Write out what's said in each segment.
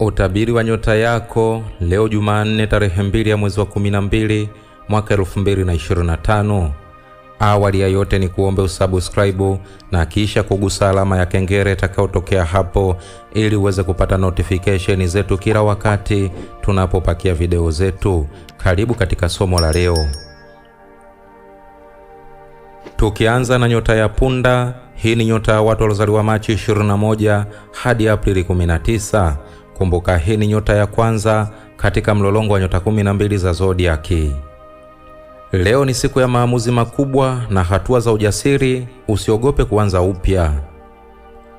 Utabiri wa nyota yako leo Jumanne tarehe mbili ya mwezi wa 12 mwaka 2025. Awali ya yote ni kuombe usubscribe na kisha kugusa alama ya kengele itakayotokea hapo ili uweze kupata notification zetu kila wakati tunapopakia video zetu. Karibu katika somo la leo. Tukianza na nyota ya punda, hii ni nyota ya watu waliozaliwa Machi 21 hadi Aprili 19. Kumbuka hii ni nyota ya kwanza katika mlolongo wa nyota kumi na mbili za zodiaki. Leo ni siku ya maamuzi makubwa na hatua za ujasiri. Usiogope kuanza upya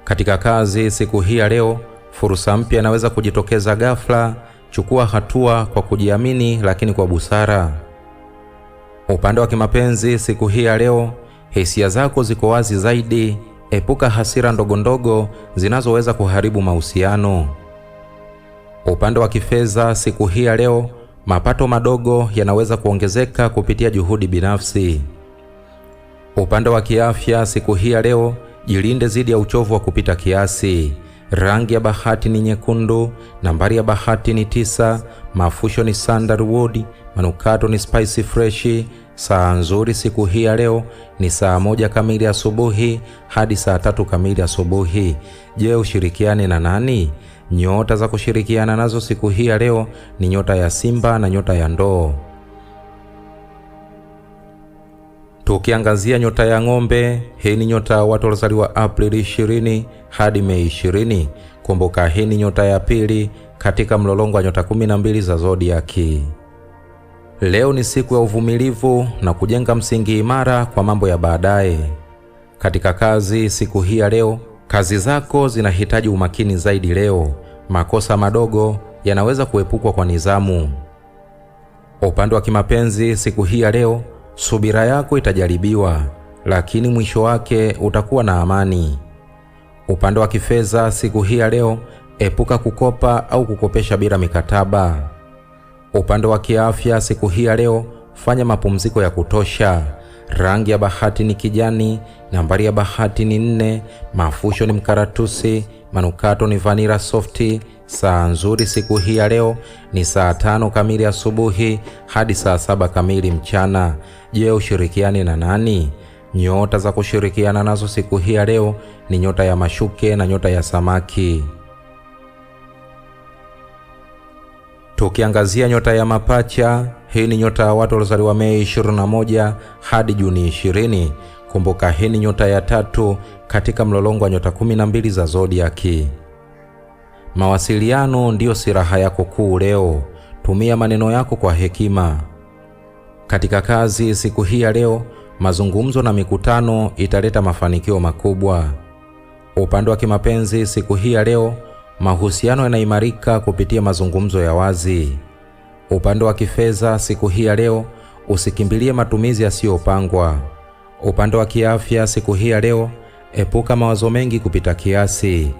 katika kazi. Siku hii ya leo, fursa mpya inaweza kujitokeza ghafla. Chukua hatua kwa kujiamini, lakini kwa busara. Upande wa kimapenzi, siku hii ya leo, hisia zako ziko wazi zaidi. Epuka hasira ndogondogo zinazoweza kuharibu mahusiano upande wa kifedha, siku hii ya leo, mapato madogo yanaweza kuongezeka kupitia juhudi binafsi. Upande wa kiafya, siku hii ya leo, jilinde dhidi ya uchovu wa kupita kiasi. Rangi ya bahati ni nyekundu. Nambari ya bahati ni tisa. Mafusho ni sandalwood. Manukato ni spicy fresh. Saa nzuri siku hii ya leo ni saa moja kamili asubuhi hadi saa tatu kamili asubuhi. Je, ushirikiane na nani? Nyota za kushirikiana nazo siku hii ya leo ni nyota ya Simba na nyota ya Ndoo. Tukiangazia nyota ya ng'ombe, hii ni nyota ya watu waliozaliwa Aprili 20 hadi Mei 20. Kumbuka, hii ni nyota ya pili katika mlolongo wa nyota 12 za zodiaki. Leo ni siku ya uvumilivu na kujenga msingi imara kwa mambo ya baadaye. Katika kazi siku hii ya leo, Kazi zako zinahitaji umakini zaidi leo. Makosa madogo yanaweza kuepukwa kwa nidhamu. Upande wa kimapenzi siku hii ya leo, subira yako itajaribiwa, lakini mwisho wake utakuwa na amani. Upande wa kifedha siku hii ya leo, epuka kukopa au kukopesha bila mikataba. Upande wa kiafya siku hii ya leo, fanya mapumziko ya kutosha rangi ya bahati ni kijani, nambari ya bahati ni nne, mafusho ni mkaratusi, manukato ni vanira softi. Saa nzuri siku hii ya leo ni saa tano kamili asubuhi hadi saa saba kamili mchana. Je, ushirikiani na nani? Nyota za kushirikiana nazo siku hii ya leo ni nyota ya mashuke na nyota ya samaki. Tukiangazia nyota ya mapacha hii ni nyota ya watu waliozaliwa Mei 21 hadi Juni 20. Kumbuka, hii ni nyota ya tatu katika mlolongo wa nyota 12 za zodiaki. Mawasiliano ndiyo silaha yako kuu leo. Tumia maneno yako kwa hekima. Katika kazi siku hii ya leo, mazungumzo na mikutano italeta mafanikio makubwa. Upande wa kimapenzi siku hii ya leo, mahusiano yanaimarika kupitia mazungumzo ya wazi. Upande wa kifedha siku hii ya leo, usikimbilie matumizi yasiyopangwa. Upande wa kiafya siku hii ya leo, epuka mawazo mengi kupita kiasi.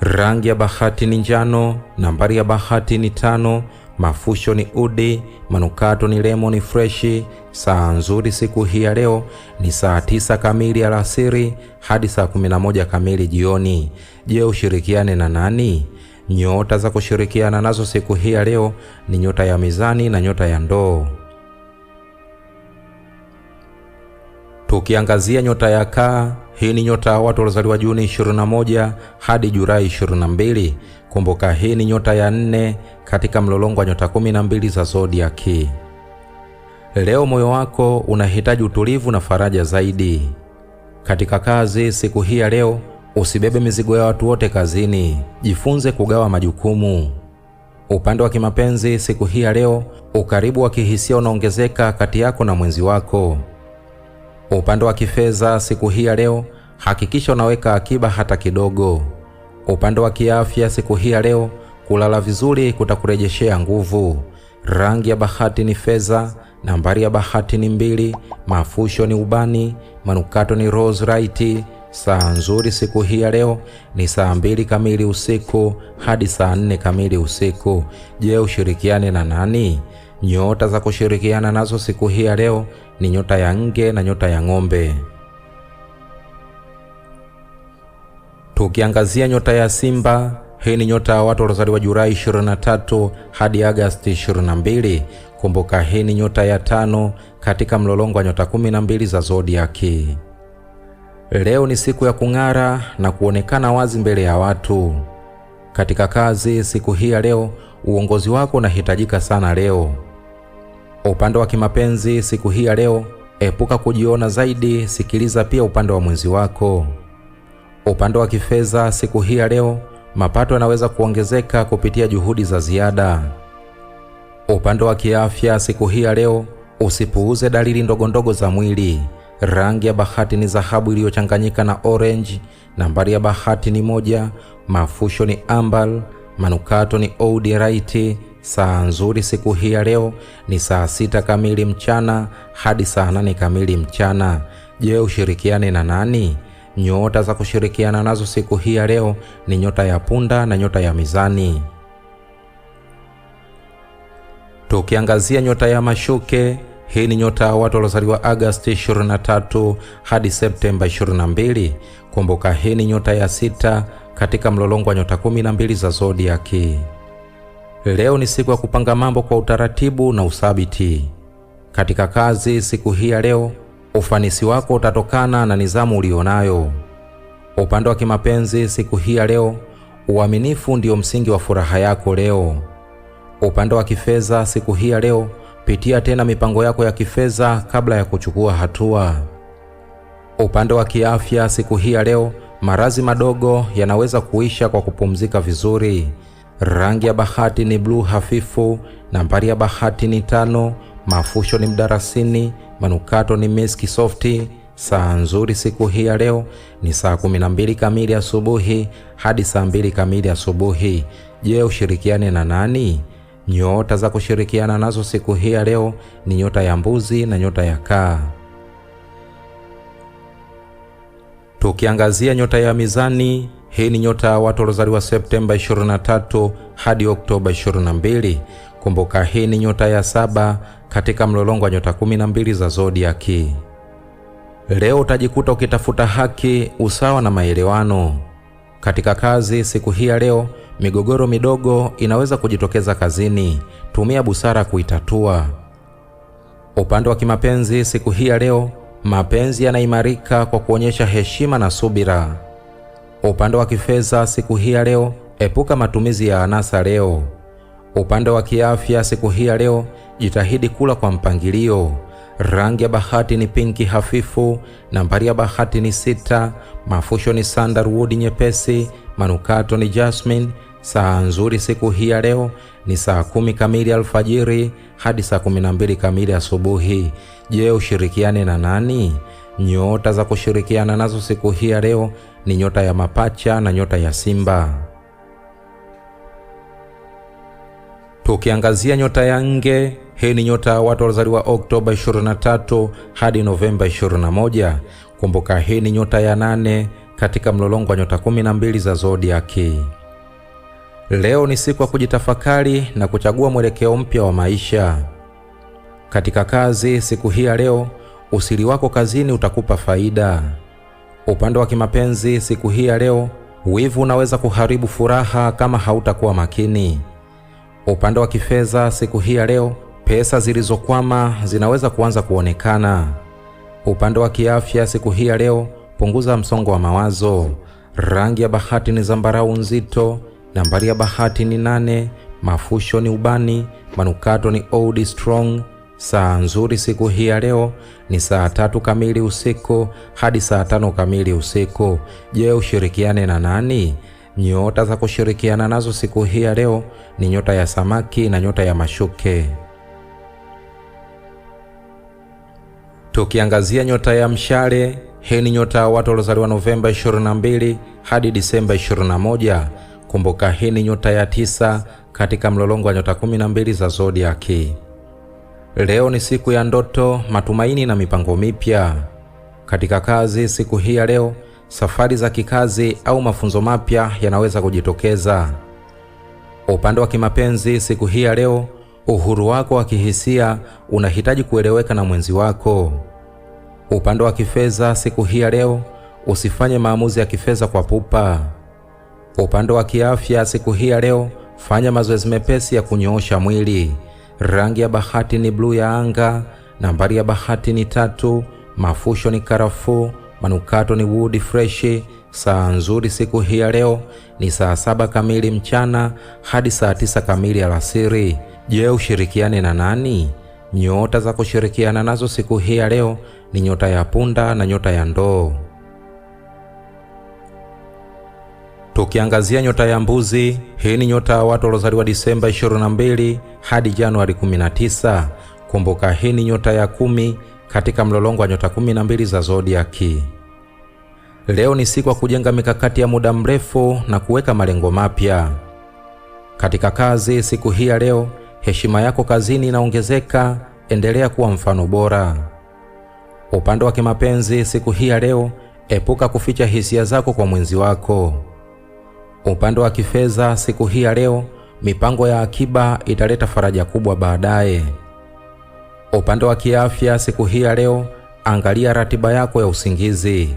Rangi ya bahati ni njano. Nambari ya bahati ni tano. Mafusho ni udi. Manukato ni lemon freshi. Saa nzuri siku hii ya leo ni saa tisa kamili alasiri hadi saa kumi na moja kamili jioni. Je, ushirikiane na nani? Nyota za kushirikiana nazo siku hii ya leo ni nyota ya mizani na nyota ya ndoo. Tukiangazia nyota ya kaa, hii ni nyota ya watu waliozaliwa Juni 21 hadi Julai 22. Kumbuka hii ni nyota ya nne katika mlolongo wa nyota 12 za zodiaki. Leo moyo wako unahitaji utulivu na faraja zaidi. Katika kazi siku hii ya leo, Usibebe mizigo ya watu wote kazini, jifunze kugawa majukumu. Upande wa kimapenzi siku hii ya leo, ukaribu wa kihisia unaongezeka kati yako na mwenzi wako. Upande wa kifedha siku hii ya leo, hakikisha unaweka akiba hata kidogo. Upande wa kiafya siku hii ya leo, kulala vizuri kutakurejeshea nguvu. Rangi ya bahati ni fedha, nambari ya bahati ni mbili, mafusho ni ubani, manukato ni rose right. Saa nzuri siku hii ya leo ni saa mbili kamili usiku hadi saa nne kamili usiku. Je, ushirikiane na nani? Nyota za kushirikiana nazo siku hii ya leo ni nyota ya nge na nyota ya ng'ombe. Tukiangazia nyota ya Simba, hii ni nyota ya watu waliozaliwa Julai 23 hadi Agasti 22. Kumbuka, hii ni nyota ya tano katika mlolongo wa nyota 12 za zodiaki. Leo ni siku ya kung'ara na kuonekana wazi mbele ya watu. Katika kazi siku hii ya leo, uongozi wako unahitajika sana leo. Upande wa kimapenzi siku hii ya leo, epuka kujiona zaidi, sikiliza pia upande wa mwenzi wako. Upande wa kifedha siku hii ya leo, mapato yanaweza kuongezeka kupitia juhudi za ziada. Upande wa kiafya siku hii ya leo, usipuuze dalili ndogondogo za mwili. Rangi ya bahati ni dhahabu iliyochanganyika na orange. Nambari ya bahati ni moja. Mafusho ni ambal. Manukato ni right. Saa nzuri siku hii ya leo ni saa sita kamili mchana hadi saa nane kamili mchana. Je, ushirikiane na nani? Nyota za kushirikiana nazo siku hii ya leo ni nyota ya punda na nyota ya mizani. Tukiangazia nyota ya mashuke hii ni nyota ya watu waliozaliwa Agasti 23 hadi Septemba 22. Kumbuka hii ni nyota ya sita katika mlolongo wa nyota 12 za zodiaki. Leo ni siku ya kupanga mambo kwa utaratibu na uthabiti. Katika kazi siku hii ya leo, ufanisi wako utatokana na nidhamu ulionayo. Upande wa kimapenzi siku hii ya leo, uaminifu ndio msingi wa furaha yako leo. Upande wa kifedha siku hii ya leo pitia tena mipango yako ya kifedha kabla ya kuchukua hatua. Upande wa kiafya, siku hii ya leo, maradhi madogo yanaweza kuisha kwa kupumzika vizuri. Rangi ya bahati ni bluu hafifu. Nambari ya bahati ni tano. Mafusho ni mdarasini. Manukato ni miski softi. Saa nzuri siku hii ya leo ni saa 12 kamili asubuhi hadi saa 2 kamili asubuhi. Je, ushirikiane na nani? Nyota za kushirikiana nazo siku hii ya leo ni nyota ya mbuzi na nyota ya kaa. Tukiangazia nyota ya mizani, hii ni nyota ya watu waliozaliwa Septemba 23 hadi Oktoba 22. Kumbuka hii ni nyota ya saba katika mlolongo wa nyota 12 za zodiaki. Leo utajikuta ukitafuta haki, usawa na maelewano katika kazi siku hii ya leo. Migogoro midogo inaweza kujitokeza kazini, tumia busara kuitatua. Upande wa kimapenzi siku hii ya leo, mapenzi yanaimarika kwa kuonyesha heshima na subira. Upande wa kifedha siku hii ya leo, epuka matumizi ya anasa leo. Upande wa kiafya siku hii ya leo, jitahidi kula kwa mpangilio. Rangi ya bahati ni pinki hafifu. Nambari ya bahati ni sita. Mafusho ni sandalwood nyepesi. Manukato ni jasmine. Saa nzuri siku hii ya leo ni saa kumi kamili alfajiri hadi saa kumi na mbili kamili asubuhi. Je, ushirikiane na nani? Nyota za kushirikiana nazo siku hii ya leo ni nyota ya mapacha na nyota ya simba. Tukiangazia nyota ya nge, hii ni nyota ya watu waliozaliwa Oktoba 23 hadi Novemba 21. Kumbuka, hii ni nyota ya nane katika mlolongo wa nyota 12 za zodiaki. Leo ni siku ya kujitafakari na kuchagua mwelekeo mpya wa maisha. Katika kazi siku hii ya leo, usiri wako kazini utakupa faida. Upande wa kimapenzi siku hii ya leo, wivu unaweza kuharibu furaha kama hautakuwa makini. Upande wa kifedha siku hii ya leo, pesa zilizokwama zinaweza kuanza kuonekana. Upande wa kiafya siku hii ya leo, punguza msongo wa mawazo. Rangi ya bahati ni zambarau nzito. Nambari ya bahati ni nane. Mafusho ni ubani, manukato ni Old Strong. Saa nzuri siku hii ya leo ni saa tatu kamili usiku hadi saa tano kamili usiku. Je, ushirikiane na nani? Nyota za kushirikiana nazo siku hii ya leo ni nyota ya samaki na nyota ya mashuke. Tukiangazia nyota ya mshale, hii ni nyota ya watu waliozaliwa Novemba 22 hadi Disemba 21. Kumbuka hii ni nyota ya tisa katika mlolongo wa nyota kumi na mbili za zodiaki. Leo ni siku ya ndoto, matumaini na mipango mipya. Katika kazi siku hii ya leo, safari za kikazi au mafunzo mapya yanaweza kujitokeza. Upande wa kimapenzi siku hii ya leo, uhuru wako wa kihisia unahitaji kueleweka na mwenzi wako. Upande wa kifedha siku hii ya leo, usifanye maamuzi ya kifedha kwa pupa. Kwa upande wa kiafya siku hii ya leo, fanya mazoezi mepesi ya kunyoosha mwili. Rangi ya bahati ni bluu ya anga. Nambari ya bahati ni tatu. Mafusho ni karafuu. Manukato ni wood freshi. Saa nzuri siku hii ya leo ni saa saba kamili mchana hadi saa tisa kamili alasiri. Je, ushirikiane na nani? Nyota za kushirikiana nazo siku hii ya leo ni nyota ya punda na nyota ya ndoo. tukiangazia nyota ya mbuzi. Hii ni nyota ya watu waliozaliwa Disemba 22 hadi Januari 19. Kumbuka, hii ni nyota ya kumi katika mlolongo wa nyota 12 za zodiaki. Leo ni siku ya kujenga mikakati ya muda mrefu na kuweka malengo mapya katika kazi. Siku hii ya leo, heshima yako kazini inaongezeka. Endelea kuwa mfano bora. Upande wa kimapenzi, siku hii ya leo, epuka kuficha hisia zako kwa mwenzi wako. Upande wa kifedha siku hii ya leo, mipango ya akiba italeta faraja kubwa baadaye. Upande wa kiafya siku hii ya leo, angalia ratiba yako ya usingizi.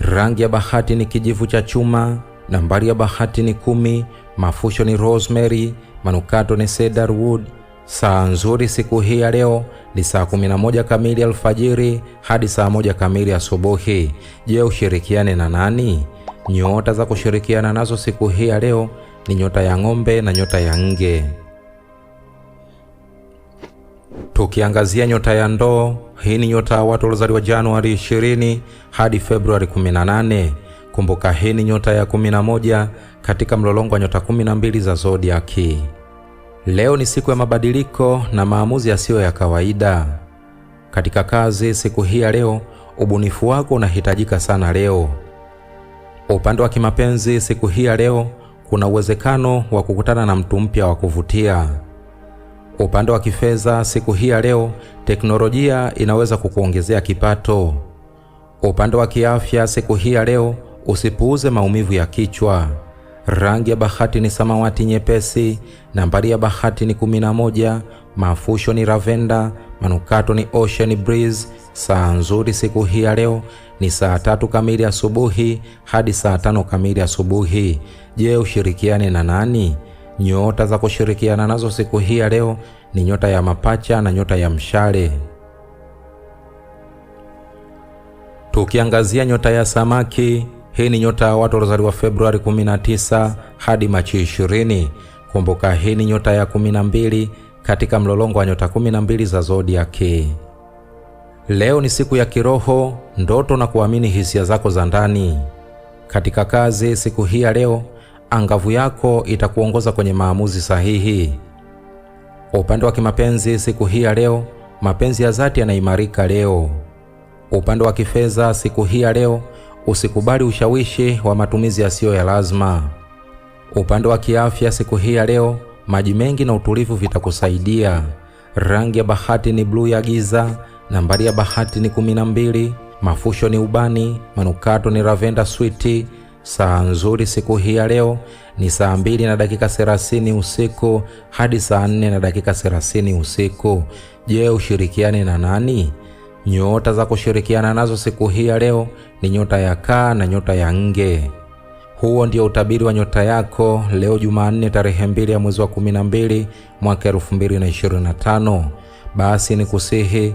Rangi ya bahati ni kijivu cha chuma. Nambari ya bahati ni kumi. Mafusho ni rosemary. Manukato ni cedarwood. Saa nzuri siku hii ya leo ni saa 11 kamili alfajiri hadi saa moja kamili asubuhi. Je, ushirikiane na nani? Nyota za kushirikiana nazo siku hii ya leo ni nyota ya ng'ombe na nyota ya nge. Tukiangazia nyota ya ndoo, hii ni nyota ya watu waliozaliwa Januari 20 hadi Februari 18. Kumbuka, hii ni nyota ya 11 katika mlolongo wa nyota 12 za zodiaki. Leo ni siku ya mabadiliko na maamuzi yasiyo ya kawaida katika kazi. Siku hii ya leo, ubunifu wako unahitajika sana leo upande wa kimapenzi, siku hii ya leo kuna uwezekano wa kukutana na mtu mpya wa kuvutia. Upande wa kifedha, siku hii ya leo teknolojia inaweza kukuongezea kipato. Upande wa kiafya, siku hii ya leo usipuuze maumivu ya kichwa. Rangi ya bahati ni samawati nyepesi. Nambari ya bahati ni moja Mafusho ni ravenda Manukato ni ocean breeze. Saa nzuri siku hii ya leo ni saa tatu kamili asubuhi hadi saa tano kamili asubuhi. Je, ushirikiane na nani? Nyota za kushirikiana nazo siku hii ya leo ni nyota ya mapacha na nyota ya mshale. Tukiangazia nyota ya samaki, hii ni nyota ya watu waliozaliwa Februari 19 hadi Machi 20. Kumbuka, hii ni nyota ya 12 katika mlolongo wa nyota 12 za zodiaki. Leo ni siku ya kiroho, ndoto na kuamini hisia zako za ndani. Katika kazi siku hii ya leo, angavu yako itakuongoza kwenye maamuzi sahihi. Upande wa kimapenzi siku hii ya leo, mapenzi ya dhati yanaimarika leo. Upande wa kifedha siku hii ya leo, usikubali ushawishi wa matumizi yasiyo ya lazima. Upande wa kiafya siku hii ya leo, maji mengi na utulivu vitakusaidia. Rangi ya bahati ni bluu ya giza. Nambari ya bahati ni kumi na mbili. Mafusho ni ubani, manukato ni ravenda switi. Saa nzuri siku hii ya leo ni saa mbili na dakika thelathini usiku hadi saa nne na dakika thelathini usiku. Je, ushirikiane na nani? Nyota za kushirikiana nazo siku hii ya leo ni nyota ya kaa na nyota ya nge. Huo ndio utabiri wa nyota yako leo Jumanne tarehe mbili ya mwezi wa mbili mwaka tano. Basi ni kusihi